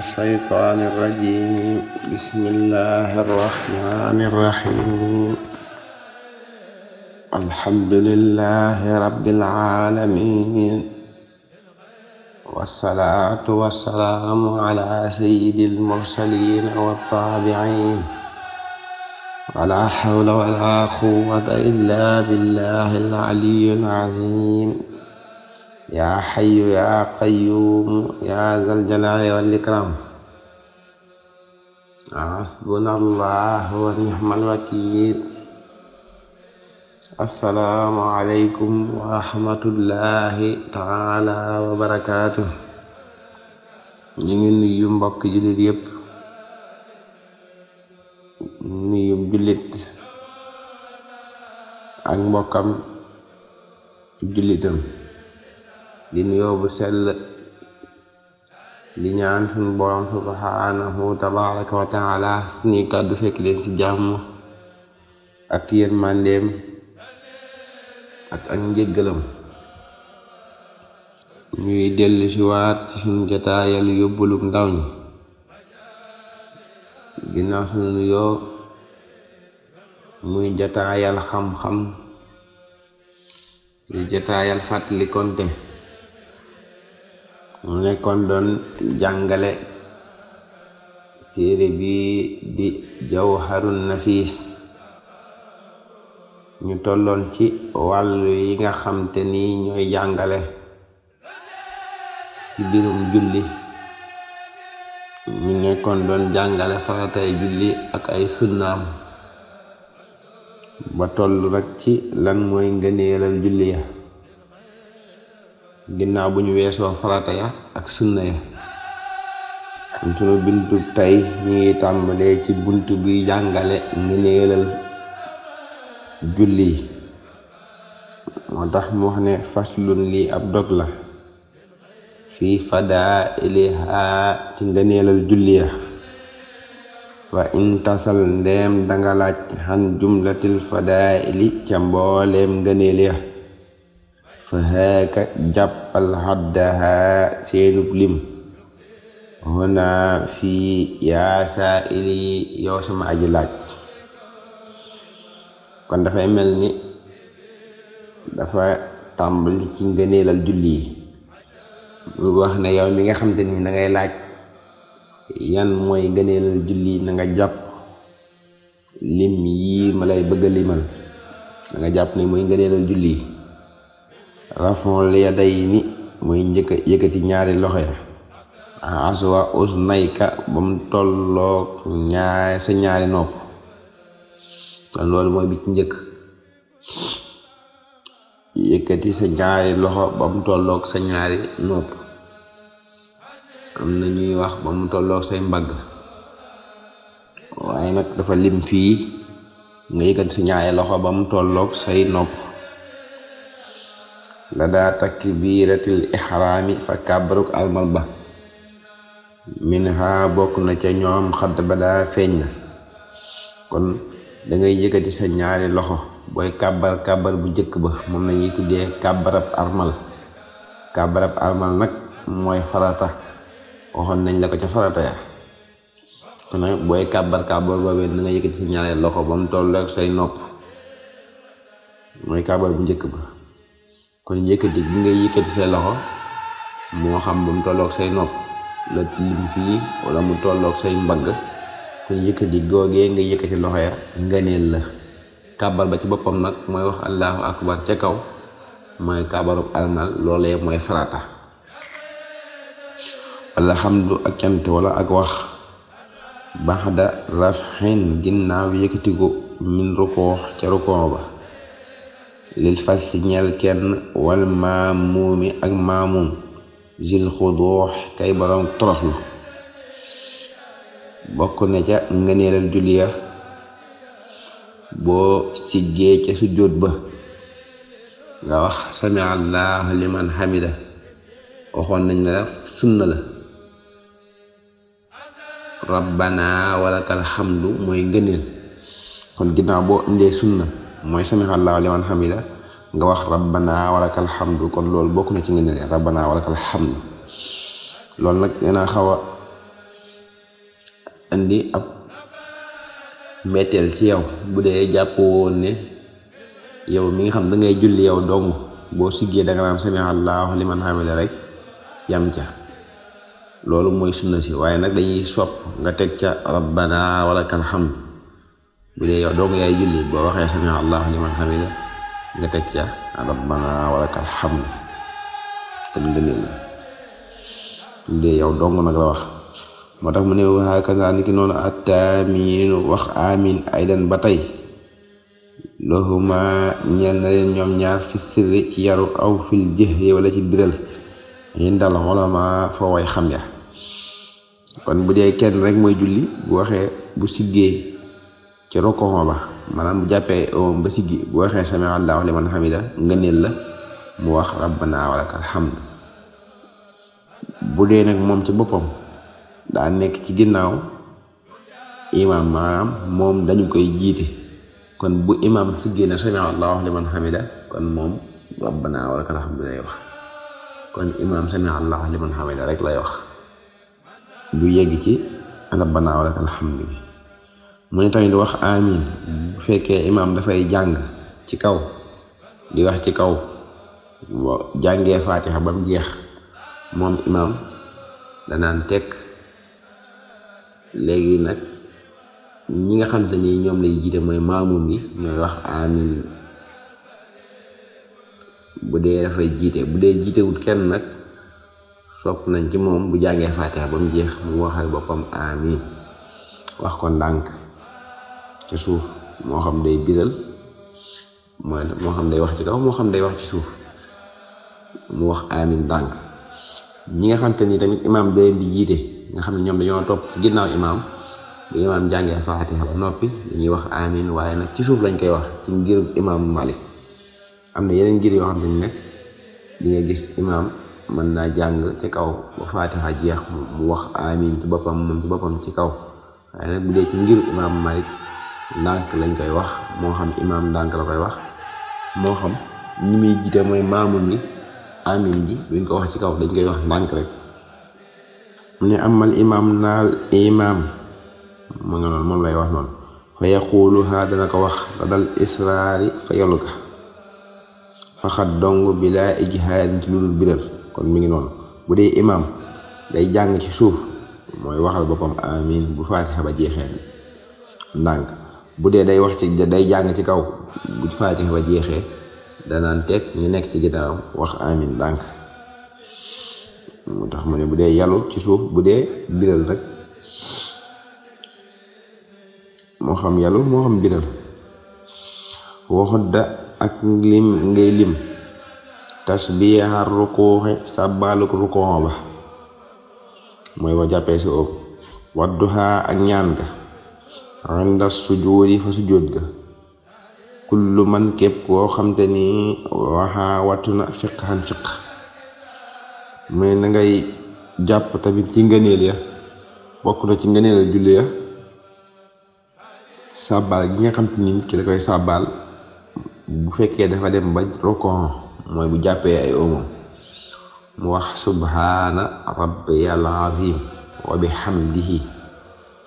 الشيطان الرجيم بسم الله الرحمن الرحيم الحمد لله رب العالمين والصلاة والسلام على سيد المرسلين والطابعين ولا حول ولا قوة إلا بالله العلي العظيم yaa xayu yaa qayuumu yaa zal jalaali wal ikraam hasbuna allah wa nixmal wakiil assalaamu aleykum wa taala wa barakaatu ñu ngi jullit yépp nuyu jullit ak mbokkam jullitam di nuyoo bu sell di ñaan suñu borom subhanahu tabaraka wa taala suñuy kàddu fekk leen ci jàmm ak yéen màndeem ak ak njëggalam ñuy dellu si waat ci suñu jataayal yóbbalum ndaw ñi ginnaaw suñu nuyoo muy jataayal xam-xam di jataayal fàttali konte mu nekkoon doon jàngale téere bi di na fiis ñu tolloon ci wàllu yi nga xam te ni ñooy jàngale ci birum julli ñu nekkoon doon jàngale faratay julli ak ay sunnaam ba toll nag ci lan mooy ngëneelal julli ya ginnaaw bu ñu weesoo farata ya ak sunna ya kon sunu bintu tey ñu ngi tàmbalee ci bunt bi jàngale ngëneelal julli moo tax mu wax ne faslun lii ab dog la fii fadaa iliha ci ngëneelal julli ya wa intasal ndeem danga laaj xan jumlatil fadaa ili ca mbooleem ya fa xeeka jàpp alxaddaha seenub lim huna fii yaa saa'ili yow sama aji laaj kon dafay mel ni dafa tàmbali ci ngëneelal julli yi bu wax ne yow mi nga xam te ni da ngay laaj yan mooy ngëneelal julli na jàpp lim yi ma lay bëgg a limal da nga jàpp ne mooy ngëneelal julli rafon yadayni mooy njëkk yëkkati ñaari loxo ya aswa usnayka ba mu tolloog ñaar sa ñaari nopp loolu mooy njëkk yëkkati ñaari loxo ba sa ñaari am na ñuy wax ba mu tolloog say mbagg waaye nag dafa lim fii nga yëkkati sa ñaari loxo ba mu tolloog say nopp la daa takbiratil ixraami fa kàbbaruk almal ba min ha bokk na ca ñoom xadd ba daa feeñ na kon da ngay yëkkati sa ñaari loxo booy kàbbar kàbbar bu jëkk ba moom la ñuy tuddee kàbbarab armal kàbbarab armal mooy farata waxoon nañ la ca farata ya kon nag booy kàbbar kàbbar boobee da nga yëkkati sa ñaari loxo ba mu toll ak say nopp mooy kàbbar bu njëkk ba kon yëkkati bi ngay yëkkati say loxo moo xam bu mu tolloog say nopp la tiim fii wala mu tollook say mbagg kon yëkkati googee nga yëkkati loxo ya ngëneel la kàbbal ba ci boppam nag mooy wax allahu akbar ca kaw mooy kàbbarub almal loolee mooy farata alhamdu ak cant wala ak wax baxda rafxin ginnaaw yëkkatiku min rukoox ca rukoox ba lil fas si ñeel kenn wal maamuumi ak maamuum zil xudux kay borom toroxlu bokk na ca ngëneelal julliya boo siggee ca sujjóot ba nga wax sami allahu liman xamida waxoon nañ la sunna la rabbana walakal xamdu mooy ngëneel kon ginnaaw boo indee sunna mooy sami allahu liman hamida nga wax rabbana walakal hamdu kon loolu bokk na ci ngeen ne rabbana walakal hamdu loolu nag dina xaw a indi ab ci yow bu dee jàppoo woon ne yow mi nga xam da julli yow dong boo siggee da nga naan sami allahu liman rek yam ca loolu mooy sunna si waaye nag dañuy sopp nga teg ca rabbana walakal hamdu bu dee yow dong waxee sami allahu liman hamida nga teg ca rabbana la bu dee nag la wax moo tax mu ne hakaza niki noonu attaamiin wax amin aydan ba tey lahuma ñeel na ñoom ñaar fi ci yaru aw fil jëxye wala ci biral yin dal xolama foo way xam ya kon bu dee kenn rek mooy julli bu waxee bu siggee ci rokkoo ba maanaam bu jàppee um, ba siggi bu waxee sami allahu liman hamida ngëneel la mu wax rabbana walaka alhamd bu dee nag moom ci boppam daa nekk ci ginnaaw imaam maanaam moom dañu koy jiite kon bu imaam siggee na sami wax liman hamida kon moom rabbana walaka alhamdu lay wax kon imaam sami allahu liman hamida rek lay wax du yegg ci rabbana walaka alhamdu mu ne tamit wax amin bu fekkee imaam dafay jàng ci kaw di wax ci kaw jàngee faatixa ba jeex moom imaam danaan tekk léegi nag ñi nga xam te ni ñoom lay jiite mooy maamum ngi ñooy wax amin bu dee dafay jiite bu dee jiitewut kenn nag sopp nañ ci moom bu jàngee faatixa ba mu jeex mu waxal boppam amin wax ko ndànk ci suuf moo xam day biral maanaam moo xam day wax ci kaw moo xam day wax ci suuf mu wax amin ndànk ñi nga xam te ni tamit imaam day bi jiite nga xam ne ñoom dañoo topp ci ginnaaw imaam bu imaam jàngee faatiha ba wax amin waaye nag ci suuf lañ koy wax ci ngir imaam Malik am na yeneen ngir yoo xam te ni nekk di nga gis imaam mën naa jàng ci kaw ba faatiha jeex mu wax amin ci boppam moom ci boppam ci kaw waaye nag bu dee ci ngir imaam Malik ndànk lañ koy wax moo xam imaam ndànk la koy wax moo xam ñi muy jiite mooy maamum ni amin ji buñ ko wax ci kaw dañ koy wax ndànk rek mu ne amal imaam naal imaam mu nga noonu moom lay wax noonu fa yaquluha dana ko wax te dal israari fa yalu ka faxat dong bi laa ijhaad ci lu dul biral kon mi ngi noonu bu dee imaam day jàng ci suuf mooy waxal boppam amin bu faatixa ba jeexee ndànk bu dee day wax ci day jàng ci kaw bu faatixa ba jeexee danaan teg ñu nekk ci ginnaawam wax amin ndànk mu tax mu ne bu dee yàllu ci suuf bu dee biral rek moo xam yàllu moo xam biral waxut da ak lim ngay lim tasbiha rukuuxi sàbbaaluk rukuuxa ba mooy ba jàppee si óob wadduha ak ñaan ga inda sujuudi fa sujjóot ga kullu man koo xamte ni waxaa wattu na fiqhan fiq mais na ngay jàpp tamit ci ngëneel ya bokk na ci ngëneel julli ya sàbbaal gi nga xam te ni nit ki da koy sabal bu fekkee dafa dem ba rokon mooy bu jàppee ay omam mu wax subhaana rabbiyal azim wa bihamdihi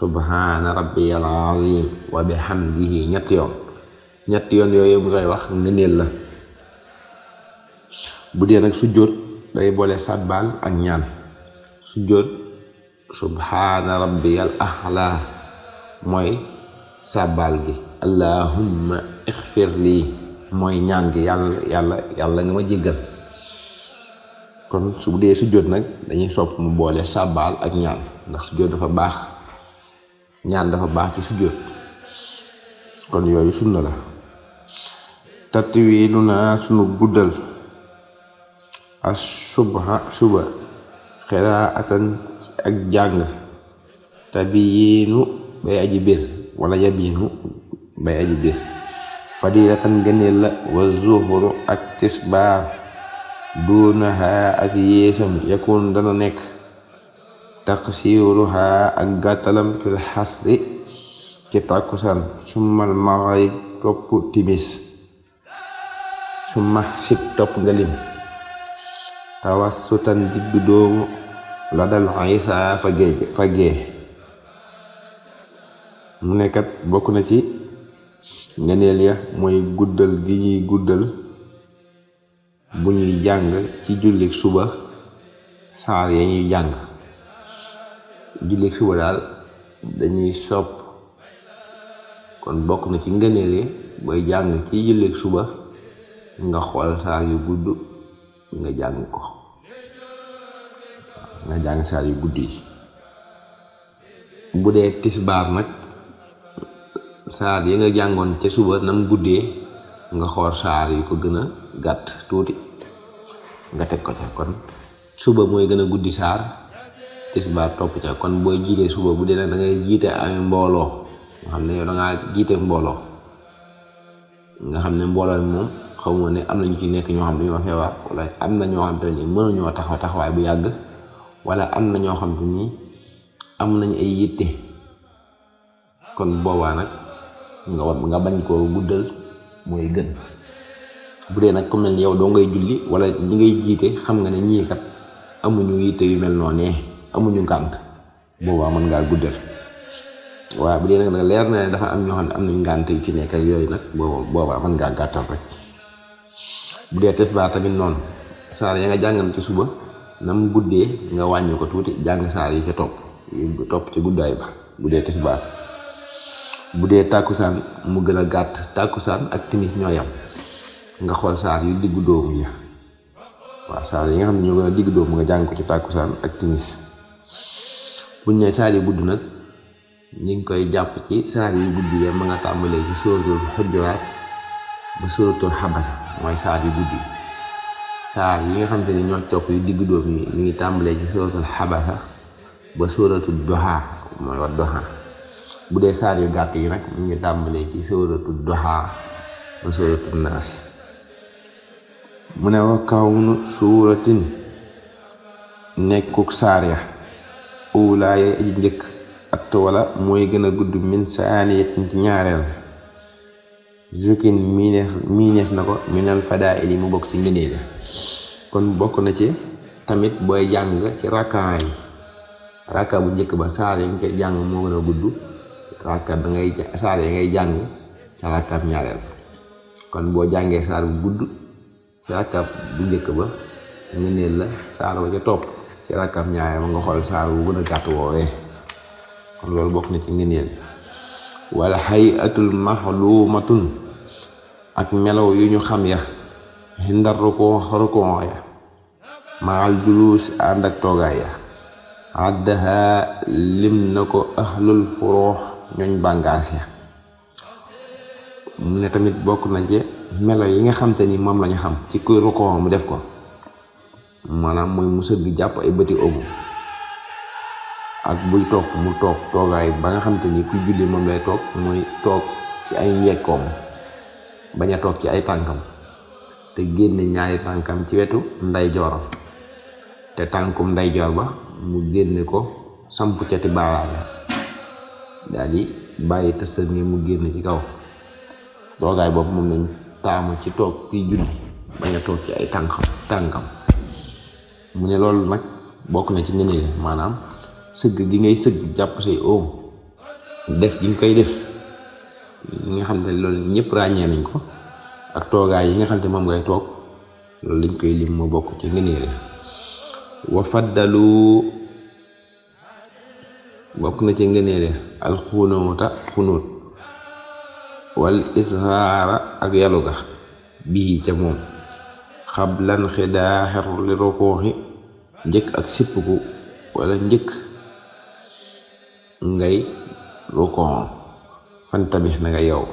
subhaana rabbiyal azim wa bihamdihi ñetti yoon ñetti yoon yooyu mu koy wax ngëneel la bu dee nag sujjóot day boole sàbbaal ak ñaan sujjóot subhaana rabbiyal ahla mooy sàbbaal gi allahumma ixfir mooy ñaan gi yàlla yàlla yàlla nga ma jéggal kon su bu dee sujjóot nag dañuy sopp mu boole sàbbaal ak ñaan ndax sujjóot dafa baax ñaan dafa baax ci sujjóot kon yooyu sunna la tatwiilu naa sunu guddal as subha suba xiraatan ak jàng tabiyiinu bay aji biir wala yabiinu bay aji biir fadilatan gëneel la wa zuhuru ak tisbaar duunaha ak yéesam yakun dana nekk taqsiruha ak gàttalam fil xasri ci tàkkusaan summal maghrib topp timis summa xib topp ngalim tawassutan digg doomu la dal isa fagee fagee mu nekkat bokk na ci ngeneel ya mooy guddal gi ñuy guddal bu ñuy jàng ci jullik suba saar ya ñuy jàng julleek suba daal dañuy sopp kon bokk na ci ngëneele booy jàng ci julleek suba nga xool saar yu gudd nga jàng ko nga jàng saar yu guddi yi bu dee tisbaar nag saar yi nga jàngoon ca suba nam guddee nga xool saar yi ko gën a gàtt tuuti nga teg ko ca kon suba mooy gën a guddi saar tisbaar topp ca kon booy jiitee suba bu dee nag da ngay jiite ay mbooloo nga xam ne yow da ngaa jiite mbooloo nga xam ne mbooloo moom xamuma ne am na ñu ci nekk ñoo xam ne dañoo feebar wala am na ñoo xam te ni taxaw taxawaay bu yàgg wala am na ñoo xam te ni am nañ ay yitte kon boobaa nag nga war nga bañ koo guddal mooy gën bu dee nag ku mel ni yow doo ngay julli wala ñi ngay jiite xam nga ne ñii kat amuñu yitte yu mel noonee amuñu ngànt boobaa mën ngaa guddal waaw bu dee nag leer na ne dafa am ñoo xam ne am nañ ngànt yu ci nekk ak yooyu nag boobaa man ngaa gàttal rek bu dee tisbaar tamit noonu saar ya nga jàngal ci suba na mu guddee nga wàññi ko tuuti jàng saar yi ca topp topp ci guddaay ba bu dee tisbaar bu dee tàkkusaan mu gën a gàtt tàkkusaan ak timis ñoo yam nga xool saar yu diggu dóomu ya waaw saar yi nga xam ne ñoo gën a diggu dóomu nga jàng ko ci tàkkusaan ak timis buñ ne saar yu gudd nag ñu ngi koy jàpp ci saar yu gudd yi ma nga tàmbalee ci sóoratul Hujuraat ba sóoratul Habasa mooy saar yu gudd yi saar yi nga xam te ne ñoo topp yu digg doom yi ñu ngi tàmbalee ci sóoratul Habasa ba sóoratul Duhaa mooy saar yu gàtt yi nag mu ngi tàmbalee ci sóoratul Duhaa ba sóoratul Naas mu ne wa nekkuk saar ya uulaaya yi njëkk at wala mooy gën a gudd min saaniyatin ci ñaareel ko minal fadaa'ili bokk ci bokk na ci tamit booy jàng ci rakkaa yi rakka bu njëkk ba saar yi nga jàng moo gën a ngay saar ngay jàng ca rakkaab ñaareel kon boo jàngee saar bu gudd ci rakkaab bu njëkk ba ngëneel la saar ba ca topp ci rakkam ñaareel ma nga xool saar wu gën a gàtt woowee kon loolu bokk na ci ngëneel wala hayatul maxluumatun ak melaw yu ñu xam ya xindar rukon rukon ya maal julus ànd lim na ko ahlul furoox ñooñ bàngaas ya mu ne tamit bokk na ci melaw yi nga xam te ni moom lañu xam ci kuy rukon mu def ko maanaam mooy mu sëgg jàpp ay bëti omo ak buy toog mu toog toogaay ba nga xam te ni kuy julli moom lay toog mooy toog ci ay njekkoom bañ a toog ci ay tànkam te génne ñaari tànkam ci wetu ndeyjooram te tànkum ndeyjoor ba mu génne ko samp cati baaraam daal di bàyyi tësër ni mu génn ci kaw toogaay boobu moom lañ taamu ci toog bañ a toog ci ay tànkam tànkam mu ne loolu nag bokk na ci ngëneel maanaam sëgg gi ngay sëgg jàpp say oom def gi nga koy def li nga xam ne loolu ñëpp ràññee nañ ko ak toogaay yi nga xam ne moom ngay toog loolu dañ koy lim mu bokk ci ngëneel wa faddalu bokk na ci ngëneel alxunuuta xunuut wal ishaara ak yalu ga bii ca moom xablan xidaaxer li rukuuxi njëkk ak sippiku wala njëkk ngay rukoon fantabix na nga yow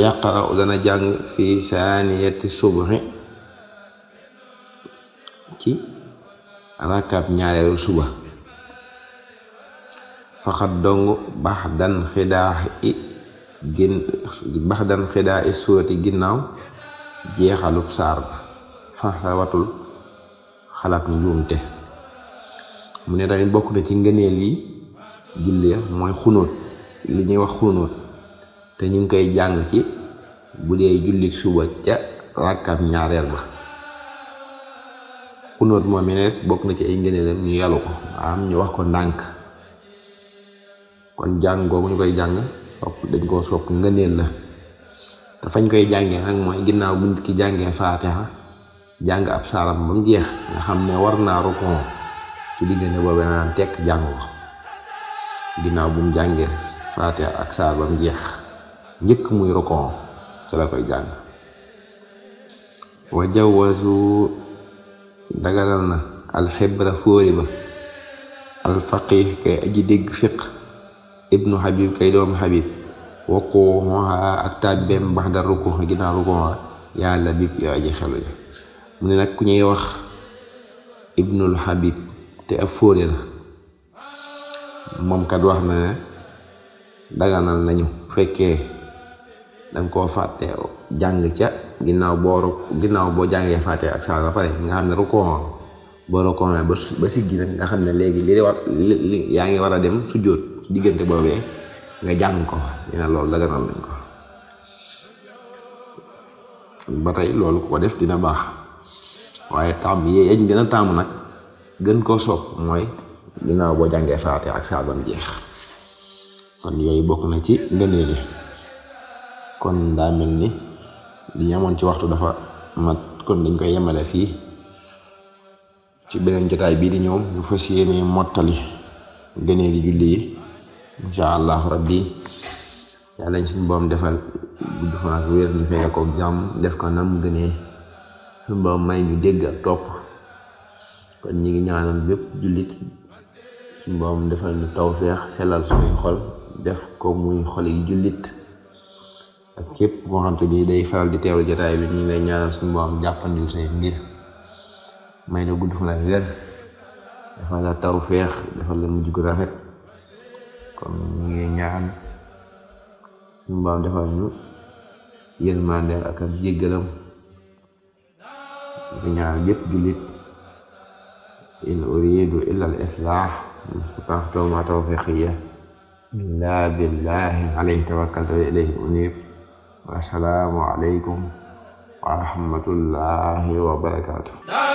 yaqara dana jàng fi saaniyati subuxi ci rakab ñaareelu suba faxat dong bax dan xidaax i gin bax dan xidaa i suurati ginnaaw jeexalub saar ba faxawatul xalaat njuumte mu ne tamit bokk na ci ngëneel yi julli mooy xunóot li ñuy wax xunóot te ñu ngi koy jàng ci bu dee julli suba ca rakkam ñaareel ba xunóot moom mi ne rek bokk na ci ay ngëneelam ñu yalu ko am ñu wax ko ndànk kon jàng googu ñu koy jàng sopp dañ koo sopp ngëneel la te fañ koy jàngee nag mooy ginnaaw bu nit ki jàngee faatiha jàng ab saaram ba jeex nga xam ne war naa rukon ci diggante boobu naan tekk jàng ko ginnaaw bum mu jàngee faatiha ak saar ba jeex njëkk muy rukon ci la koy jàng wa jawasu dagalal na alxibra fóori ba alfaqih kay aji dégg fiq ibnu habib kay doomu habib waqu moxa ak taaj bem bax da rukon ginnaaw rukon yàlla bib yoo aji xelu ja mu ne nag ku ñuy wax ibnul habib te ab fóore la moom kat wax na ne daganal nañu fekkee danga koo fàtte jàng ca ginnaaw boo ginnaaw boo jàngee fàtte ak saar pare nga xam ne rukoon boo rukoon ba siggi nag nga xam ne léegi li war li yaa ngi war a dem sujjóot ci diggante boobee nga jàng ko ñu ne loolu daganal nañ ko ba tey loolu ko def dina baax waaye tàmm yi yañ gën a tàmm nag gën koo soob mooy ginnaaw boo jàngee faate ak saabam jeex kon yooyu bokk na ci ngëneel yi kon daa mel ni li ñu amoon ci waxtu dafa mat kon dañ koy yemale fii ci beneen jotaay bii di ñëw ñu fas yéene mottali ngëneel li julli yi incha allahu rabbi yàlla ñu suñu boom defal gudd fan ak wér ñu fekk ko jàmm def ko nam gënee suñu may ñu dégg ak topp kon ñi ngi ñaanal bépp jullit suñu borom defal ñu tawféex sellal suñuy xol def ko muy xol yi jullit ak képp moo xam te ni day faral di teewlu jotaay bi ñu ngi lay ñaanal suñu borom jàppandil say may na gudd fan ak wér defal la tawféex defal la mujj gu rafet kon ñu ngi ñaan suñu borom defal ñu yërmande ak ak jéggalam di ñaanal bépp jullit in uridu illa al islah mastataxtu ma tawfiqiya illa billahi alayhi tawakkaltu wa ilayhi unib wa assalaamu alaykum wa rahmatullahi wa barakatuh